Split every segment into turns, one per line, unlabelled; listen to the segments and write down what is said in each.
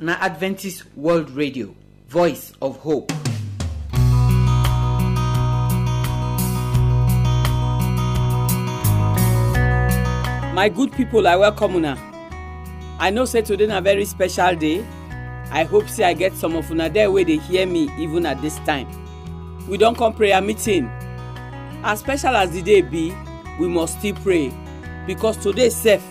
na adventist world radio voice of hope. my good people i welcome una i know say today na very special day i hope say i get some of una there wey dey hear me even at this time we don come prayer meeting as special as the day be we must still pray because today sef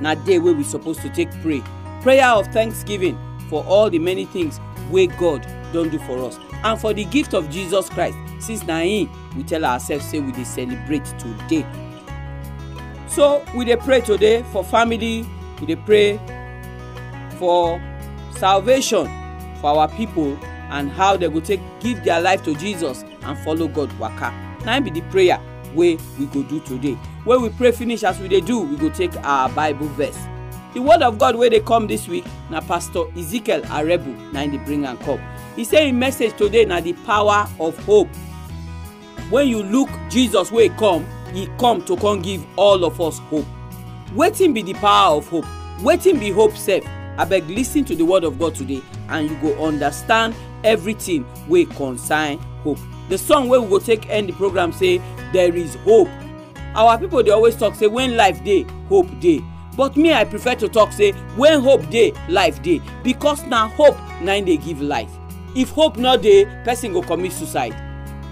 na day wey we suppose to take pray prayer of thanksgiving for all the many things wey god don do for us and for the gift of jesus christ since na him we tell ourselves say we dey celebrate today so we dey pray today for family we dey pray for salvation for our people and how they go take give their life to jesus and follow god waka na be the prayer wey we go do today when we pray finish as we dey do we go take our bible verse the word of god wey dey come this week na pastor ezekiel arebu na him dey bring am come he say him message today na the power of hope when you look jesus wey come he come to come give all of us hope wetin be the power of hope wetin be hope sef abeg lis ten to the word of god today and you go understand everything wey concern hope the song wey we go take end the program say there is hope our people dey always talk say when life dey hope dey but me i prefer to talk say when hope dey life dey because na hope na im dey give life if hope no dey person go commit suicide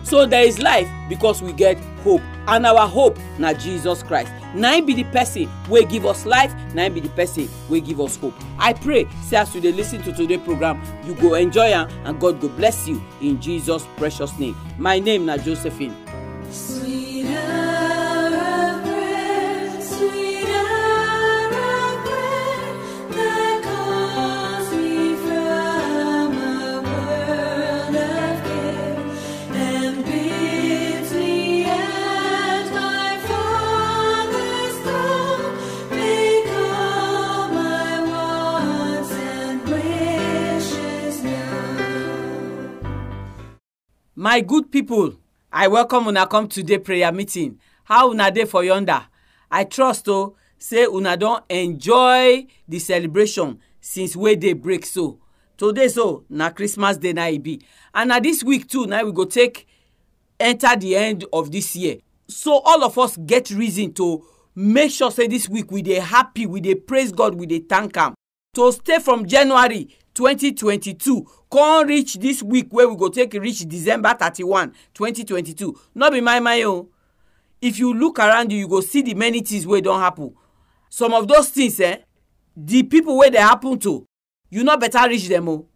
so there is life because we get hope and our hope na jesus christ na him be the person wey give us life na him be the person wey give us hope i pray say as you dey lis ten to today program you go enjoy am and god go bless you in jesus precious name my name na josephine my good people i welcome una come today prayer meeting how una dey for yonder i trust o say una don enjoy the celebration since wey dey break so today so na christmas day na e be and na this week too na we go take enter the end of this year so all of us get reason to make sure say this week we dey happy we dey praise god we dey thank am to stay from january 2022 come reach this week wey we go take reach december 31 2022 no be my my own if you look around you you go see the many things wey don happen some of those things eh the people wey dey happen to you no better reach them o oh.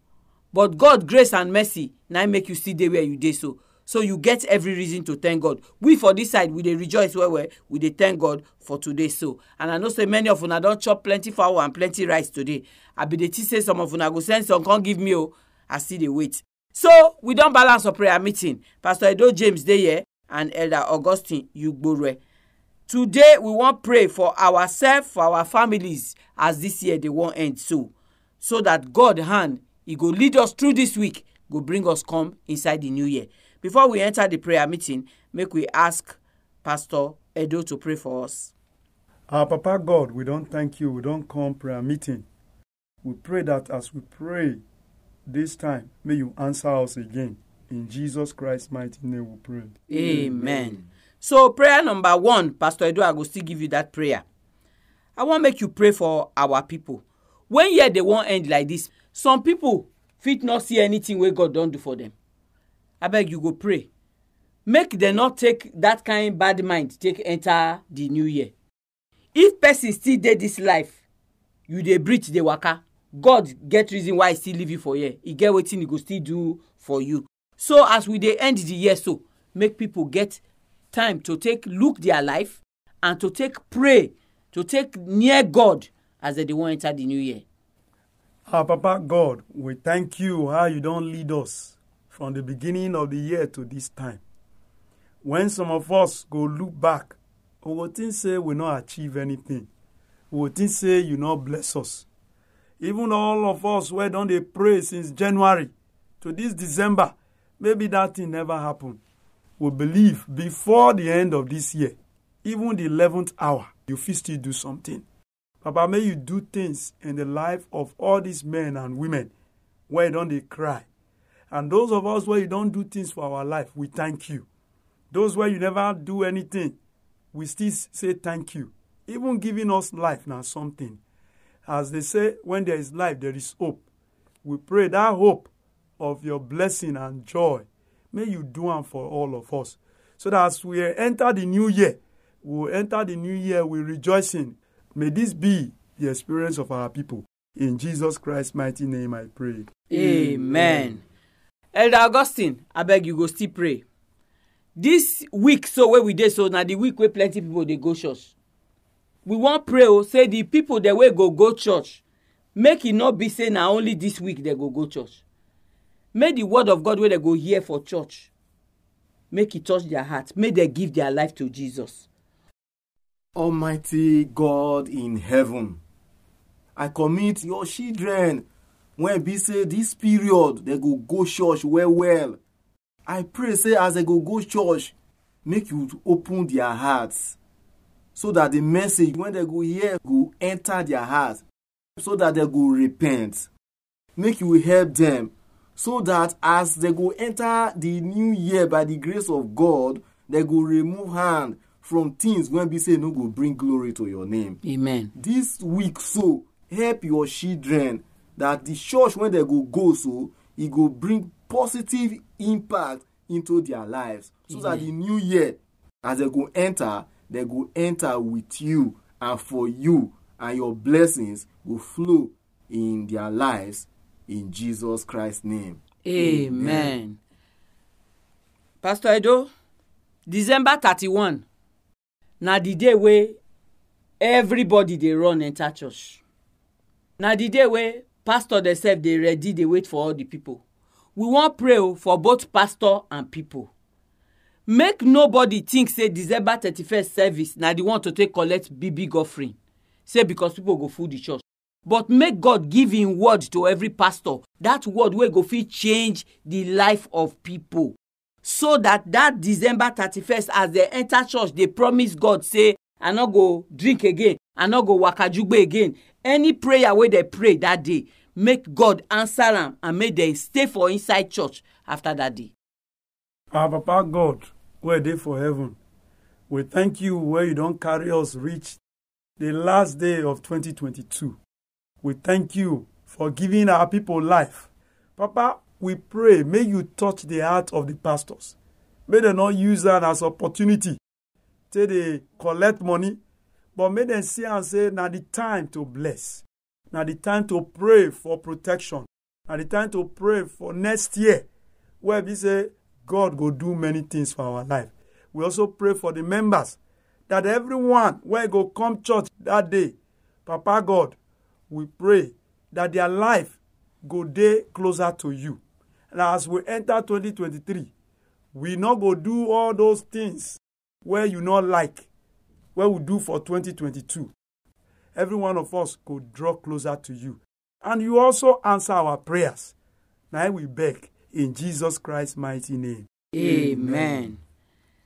but god grace and mercy na make you still dey where you dey so so you get every reason to thank god we for this side we dey rejoice well well we dey thank god for today so and i know say many of una don chop plenty fowl and plenty rice today i bin dey think say some of una go send some come give me o oh. i still dey wait so we don balance our prayer meeting pastor edo james dey here and elder augustine yugbore today we wan pray for ourselves for our families as this year dey wan end so so that god hand e go lead us through this week go bring us come inside the new year Before we enter the prayer meeting, make we ask Pastor Edo to pray for us.
Our Papa God, we don't thank you. We don't come prayer meeting. We pray that as we pray this time, may you answer us again. In Jesus Christ's mighty name we pray. Amen.
So, prayer number one, Pastor Edo, I will still give you that prayer. I want make you pray for our people. When year they won't end like this, some people fit not see anything where God don't do for them. abeg you go pray make dem no take that kind bad mind take enter the new year if person still dey this life you dey breathe dey waka god get reason why he still leave you for here he get wetin he go still do for you so as we dey end the year so make people get time to take look their life and to take pray to take near god as dem dey wan enter the new year.
our ah, papa god we thank you how you don lead us from the beginning of the year to this time when some of us go look back we go think say we not achieve anything we go think say you no bless us even all of us wey don they pray since january to this december maybe that thing never happened. we believe before the end of this year even the eleventh hour you fit still do something papa may you do things in the life of all these men and women where don't they cry And those of us where you don't do things for our life, we thank you. Those where you never do anything, we still say thank you. Even giving us life now something. As they say, when there is life, there is hope. We pray that hope of your blessing and joy, may you do one for all of us. So that as we enter the new year, we will enter the new year with rejoicing. May this be the experience
of our people. In
Jesus Christ's mighty name I pray. Amen. Amen.
elder augustine abeg you go still pray this week so wey we dey so na the week wey plenty people dey go church we wan pray o oh, say the people dem wey go go church make e no be say na only this week dem go go church May the word of god wey dem go hear for church make e touch their heart May dem give their life to
jesus. almighty god in heaven i commit your children when be say this period they go go church well well i pray say as they go go church make you open their hearts, so that the message when they go hear go enter their heart so that they go repent make you help them, so that as they go enter the new year by the grace of god they go remove hand from things when be say no go bring glory to your name amen this week so help your children that the church when they go go so e go bring positive impact into their lives so mm that the new year as they go enter they go enter with you and for you and your blessings go flow in their lives in jesus christ's name amen, amen. pastor edo december thirty-one
na the day wey everybody dey run enter church na the day wey pastor themselves dey ready dey wait for all the people we wan pray for both pastor and people make nobody think say december thirty-first service na the one to take collect big big offering say because people go full the church but make god give him word to every pastor that word wey go fit change the life of people so that that december thirty-first as they enter church they promise god say i no go drink again i no go waka jugbe again any prayer wey they pray that day make god answer am and make dem stay for inside church after that day.
our papa god wey dey for heaven we thank you wey you don carry us reach the last day of 2022 we thank you for giving our people life papa we pray may you touch the heart of the pastors may dem no use that as opportunity take dey collect money but may dem see and say now the time to bless now the time to pray for protection now the time to pray for next year where we say god will do many things for our life we also pray for the members that everyone where go come church that day papa god we pray that their life go day closer to you and as we enter 2023 we not go do all those things where you not like what we do for 2022. Every one of us could draw closer to you. And you also answer our prayers. Now we beg in Jesus Christ's mighty name. Amen. Amen.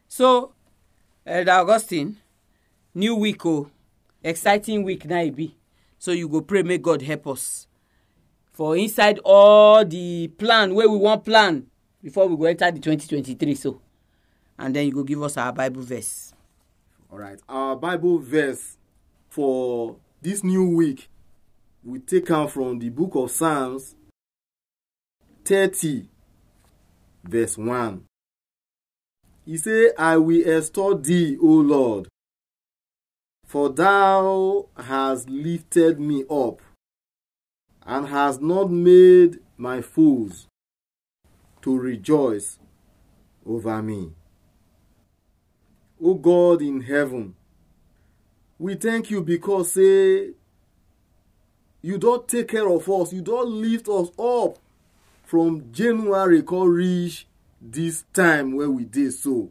So, Elder Augustine, new week, oh, exciting week now be. So you go pray, may God help us. For inside all the plan where we want plan before we go enter the 2023 so. And then you go give us our Bible verse.
All right. Our Bible verse for this new week we take out from the book of Psalms 30 verse 1. He say, I will extol thee, O Lord, for thou hast lifted me up, and hast not made my foes to rejoice over me. O God in heaven, we thank you because say you don't take care of us, you don't lift us up from January come reach this time wey we did so.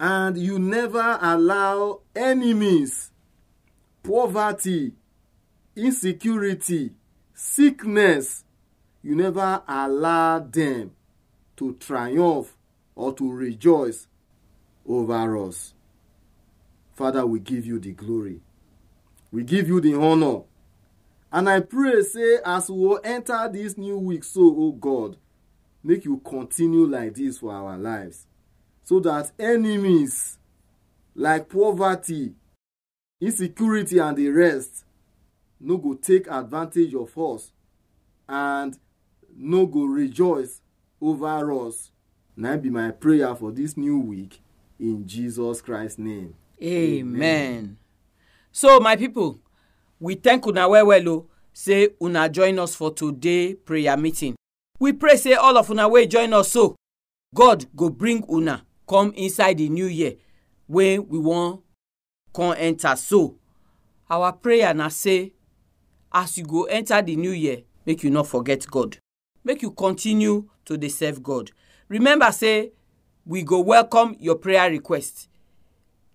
And you never allow enemies, poverty, insecurity, sickness, you never allow them to triumph or to rejoice over us. Father, we give you the glory. We give you the honor. And I pray, say, as we enter this new week, so, oh God, make you continue like this for our lives. So that enemies like poverty, insecurity, and the rest no go take advantage of us and no go rejoice over us. Now be my prayer for this new week. in Jesus Christ's name.
Amen. Amen. So, my people, we thank una well oh. say una join us for today prayer meeting. We pray say all of una wey join us so, oh, God go bring una come inside the new year when we want come enter so. Our prayer na say as you go enter the new year, make you not forget God. Make you continue to deserve God. Remember say we go welcome your prayer request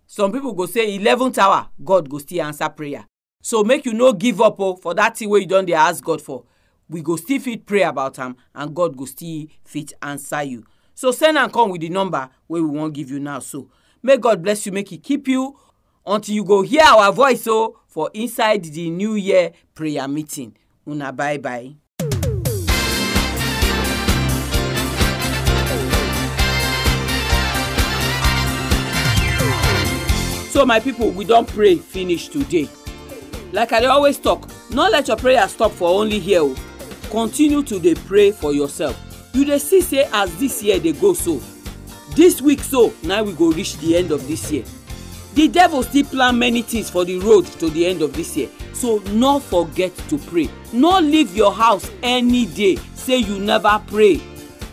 some people go say eleventh hour god go still answer prayer so make you no give up oh for that thing wey you don dey ask god for we go still fit pray about am and god go still fit answer you so send am come with the number wey we wan give you now so may god bless you make he keep you until you go hear our voice oh for inside the new year prayer meeting una bye bye. so my people we don pray finish today like i dey always talk no let your prayer stop for only here o oh. continue to dey pray for yourself you dey see say as this year dey go so this week so na we go reach the end of this year the devil still plan many things for the road to the end of this year so no forget to pray no leave your house any day say you never pray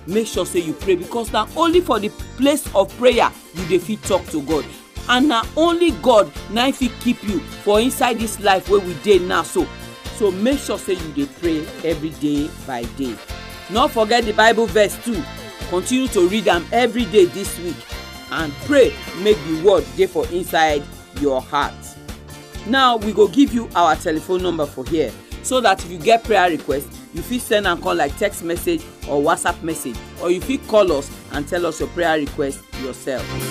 make sure say you pray because na only for the place of prayer you dey fit talk to god and na only god na im fit keep you for inside this life wey we dey now so so make sure say you dey pray every day by day no forget the bible verse too continue to read am every day this week and pray make the word dey for inside your heart now we go give you our telephone number for here so that if you get prayer request you fit send am come like text message or whatsapp message or you fit call us and tell us your prayer request yourself.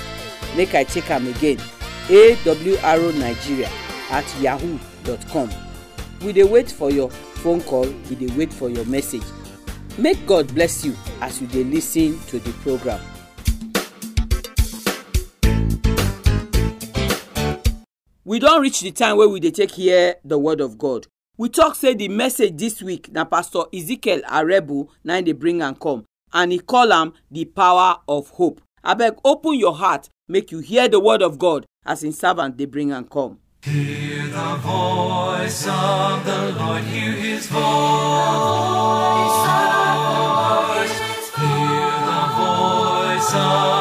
make i take am again awronigeria at yahoo dot com we dey wait for your phone call we dey wait for your message make god bless you as you dey lis ten to the program. we don reach the time wey we dey take hear the word of god we talk say the message this week na pastor ezekiel arebu na dey bring am come and he call am the power of hope abeg open your heart make you hear the word of God as in servant they bring and come.
Hear the voice of the Lord, hear his voice.
Hear the voice
of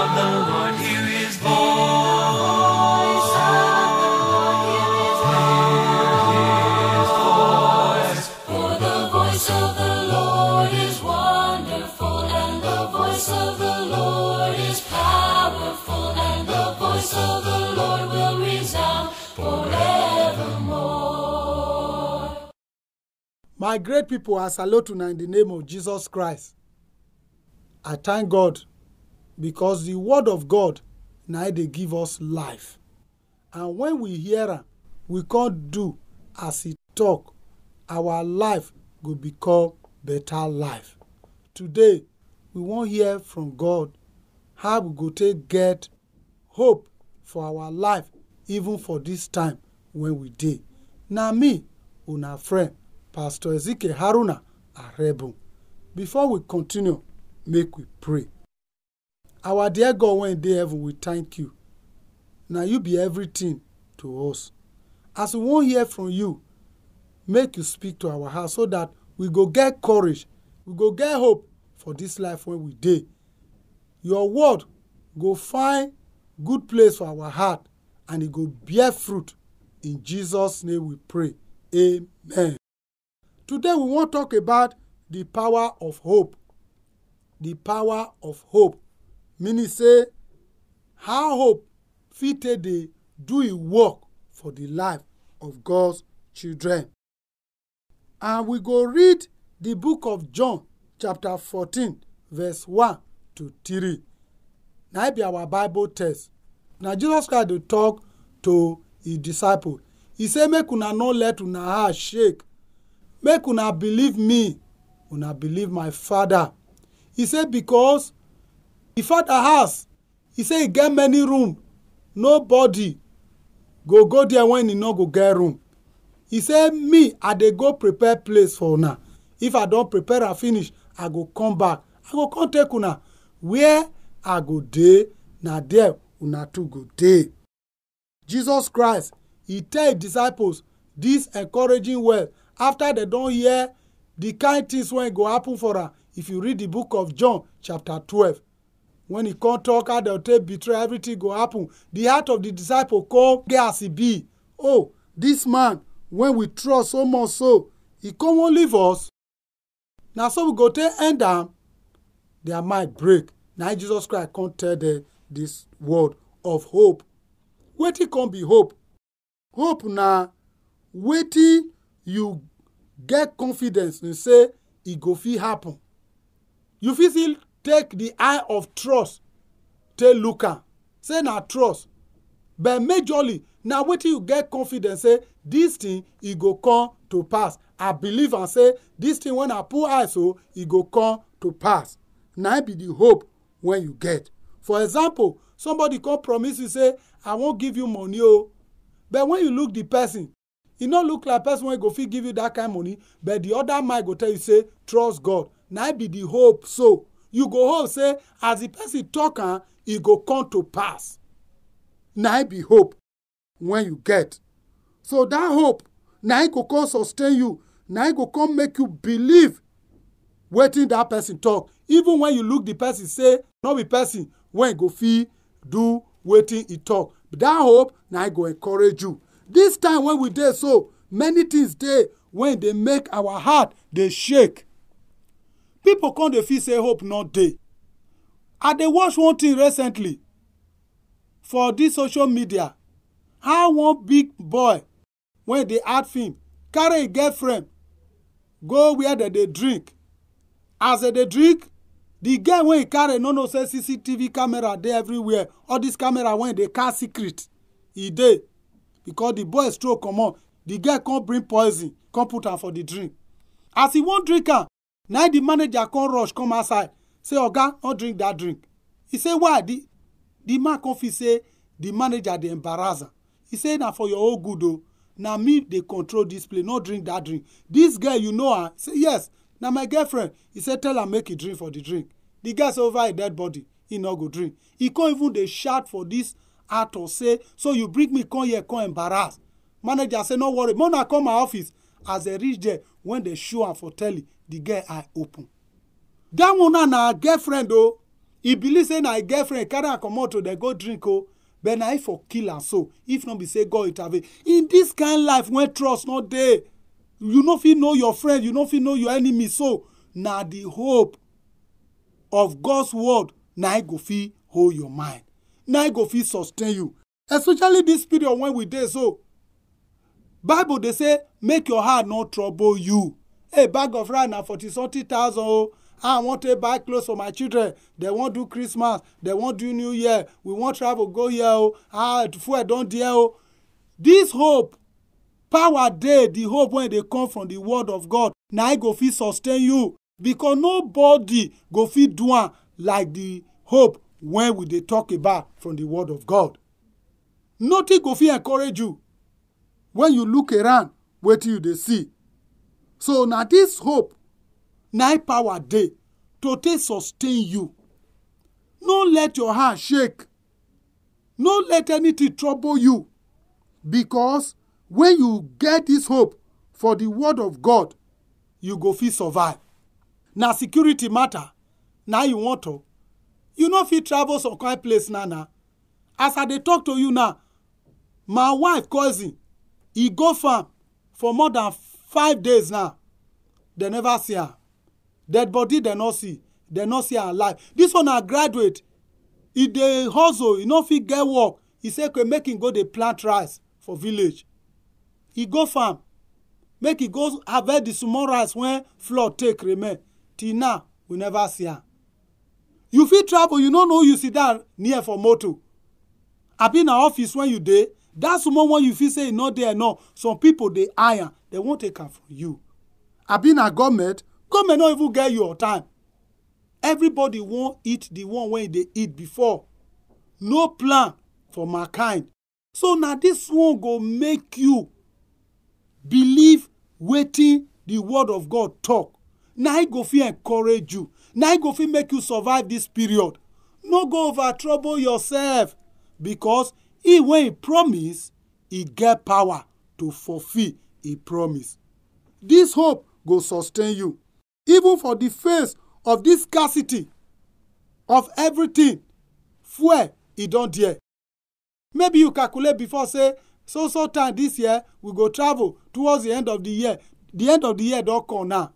My great people, as I to you in the name of Jesus Christ. I thank God because the word of God now they give us life. And when we hear him, we can't do as he talk. Our life will become better life. Today, we won't hear from God how we go take get hope for our life even for this time when we dey. Na me, una friend, Pastor Ezekiel Haruna Arebu. Before we continue, make we pray. Our dear God, when day heaven, we thank you. Now you be everything to us. As we won't hear from you, make you speak to our heart so that we go get courage, we go get hope for this life when we dey. Your word go find good place for our heart and it go bear fruit. In Jesus' name we pray. Amen. Today we want to talk about the power of hope. The power of hope. Meaning say how hope fitted the dey do e work for the life of God's children. And we go read the book of John chapter fourteen verse one to three. Now e be our Bible text. "Now Jesus Christ dey talk to his e disciple. He said, make una no let una heart shake make una believe me una believe my father He say because e father house He say e get many room nobody go go there when he no go get room He say me i dey go prepare place for una if i don prepare am finish i go come back i go come take una where i go dey na there una too go dey jesus christ he tell him disciples dis encouraging word after they don hear the kind things wey go happen for am if you read the book of john chapter twelve when he come talk how dem take betray everything go happen the heart of the disciple come get as e be oh this man wey we trust so much so he come wan leave us na so we go take end am their mind break na jesus christ come tell them this word of hope wetin come be hope hope na wetin you get confidence in say e go fit happen you fit still take the eye of trust take look am say na trust but majorly na wetin you get confidence say this thing e go come to pass i believe am say this thing wey i put eye so oh, e go come to pass na be the hope wey you get for example somebody come promise you say i wan give you money oo oh. but when you look the person e no look like person wey go fit give you that kind money but the other mind go tell you say trust god na be the hope so you go hope say as the person talk am e go come to pass na be hope when you get so that hope na go come sustain you na go come make you believe wetin that person talk even when you look the person say no be person wey go fit do wetin e talk that hope na go encourage you This time when we dey so many things dey wey dey make our heart dey shake People come dey feel say hope no dey i dey watch one thing recently for this social media how one big boy wey dey add film carry im girlfriend go where dem dey drink as dem dey drink the girl wey e carry no know say cctv camera dey everywhere all this camera wey dey car secret e dey because the boy stroke comot the girl come bring poison come put am for the drink as he wan drink am na the manager come rush come outside say oga no drink that drink he say why the the man come feel say the manager dey embarrass am he say na for your own good o oh, na me dey control this place no drink that drink This girl you know her say yes na my girlfriend he say tell am make he drink for the drink the girl say over her dead body he no go drink he come even dey shout for this actor say so you bring me come here come embarrass manager say no worry mona come my office as dem reach there when dem show am for telly the girl eye open dat woman na her girlfriend o oh. e believe say na her girlfriend carry am comot o oh, dem go drink o oh. but na e for kill am so if no be say god intervene in dis kind life wen trust no dey you no fit know your friend you no fit know your enemy so na the hope of god's word na e go fit hold your mind na e go fit sustain you especially this period when we dey so bible dey say make your heart no trouble you a hey, bag of rice na forty something thousand oh. i wan take buy cloth for my children dem wan do christmas dem wan do new year we wan travel go here o ah fuel don there oh. this hope power dey the hope wey dey come from the word of god na e go fit sustain you because nobody go fit do am like the hope when we dey talk about from the word of god nothing go fit encourage you when you look around wetin you dey see so na this hope na power dey to take sustain you no let your heart shake no let anything trouble you because when you get this hope for the word of god you go fit survive na security matter na you want to you no fit travel some kind place now na as i dey talk to you now my wife cousin e go farm for more than five days now dem never see her. dead body dem no see dem no see her alive This one na graduate e dey hustle e no fit get work e say okay make him e go dey plant rice for village e go farm make e go harvest the small rice wey flood take remain till now we never see am you fit travel you no know you sit down near for motor abi na office when you dey that small one you feel say e no dey enough some people dey iron dem wan take am from you abi na government government no even get your time everybody wan eat the one wey e dey eat before no plan for mankind so na this one go make you believe wetin the word of god talk na e go fit encourage you na go fit make you survive this period no go over trouble yourself because he wey he promise he get power to fulfill e promise This hope go sustain you even for the face of this scarcity of everything fuel e don there maybe you calculate before say so so time this year we go travel towards the end of the year The end of the year don come now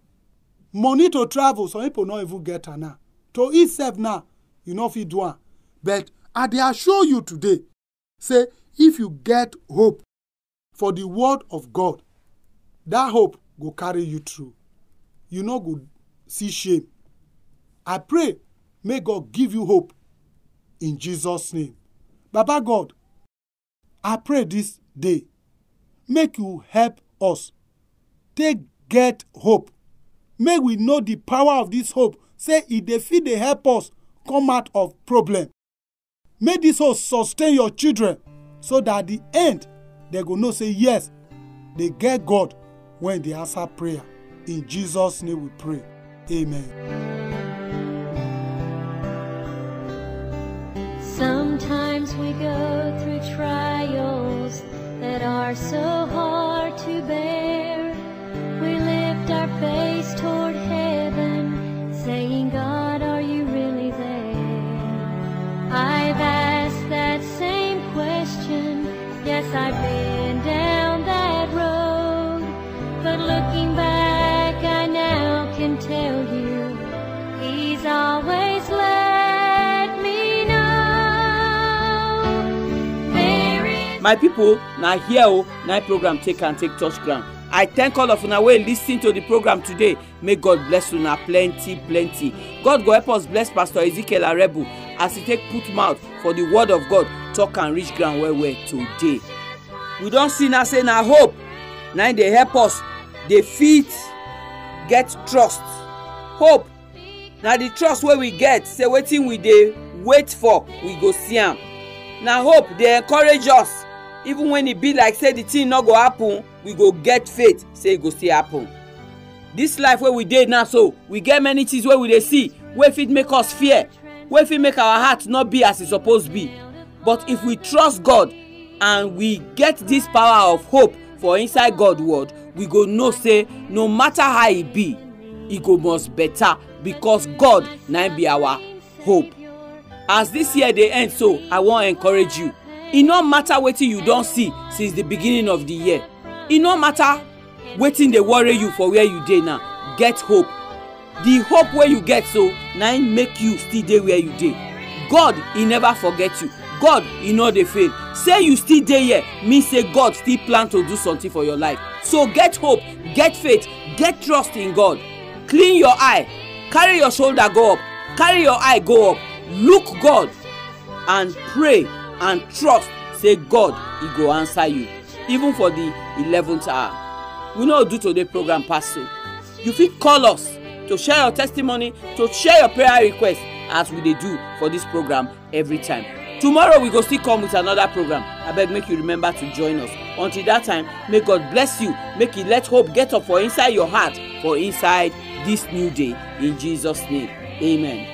money to travel some people no even get am now to eat sef now you no fit do am but i dey assure you today say if you get hope for the word of god that hope go carry you through you no go see shame i pray may god give you hope in jesus name baba god i pray this day make you help us take get hope make we know the power of this hope say e dey fit dey help us come out of problem may this hope sustain your children so that at the end they go know say yes They get god when they answer prayer in jesus name we pray amen
sometimes we go through trials that are so hard to bear we lift our faith my people na here o na program take and take touch ground i thank all of una wey lis ten to the program today may god bless una plenty plenty god go help us bless pastor ezekiel arebu as he take put mouth for the word of god talk and reach ground well well today we don see now say na hope na dey help us dey fit get trust hope na the trust wey we get say wetin we dey wait for we go see am na hope dey encourage us even when e be like say the thing no go happen we go get faith say e go still happen this life wey we dey now so we get many things wey we dey see wey fit make us fear wey fit make our heart no be as e suppose be but if we trust god and we get this power of hope for inside god word we go know say no matter how e be e go must better because god na be our hope as this year dey end so i wan encourage you e no matter wetin you don see since the beginning of the year e no matter wetin dey worry you for where you dey now get hope the hope wey you get so na im make you still dey where you dey god e never forget you god e no dey fail say you still dey here mean say god still plan to do something for your life so get hope get faith get trust in god clean your eye carry your shoulder go up carry your eye go up look god and pray and trust say god He go answer you even for the eleventh hour we no do today program pass so you fit call us to share your testimony to share your prayer request as we dey do for this program every time tomorrow we go still come with another program abeg make you remember to join us until that time may god bless you make he let hope get up for inside your heart for inside this new day in jesus name amen.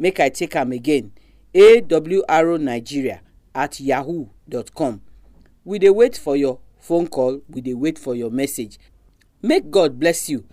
make i take am again awro nigeria at yahoo dot com we dey wait for your phone call we dey wait for your message make god bless you.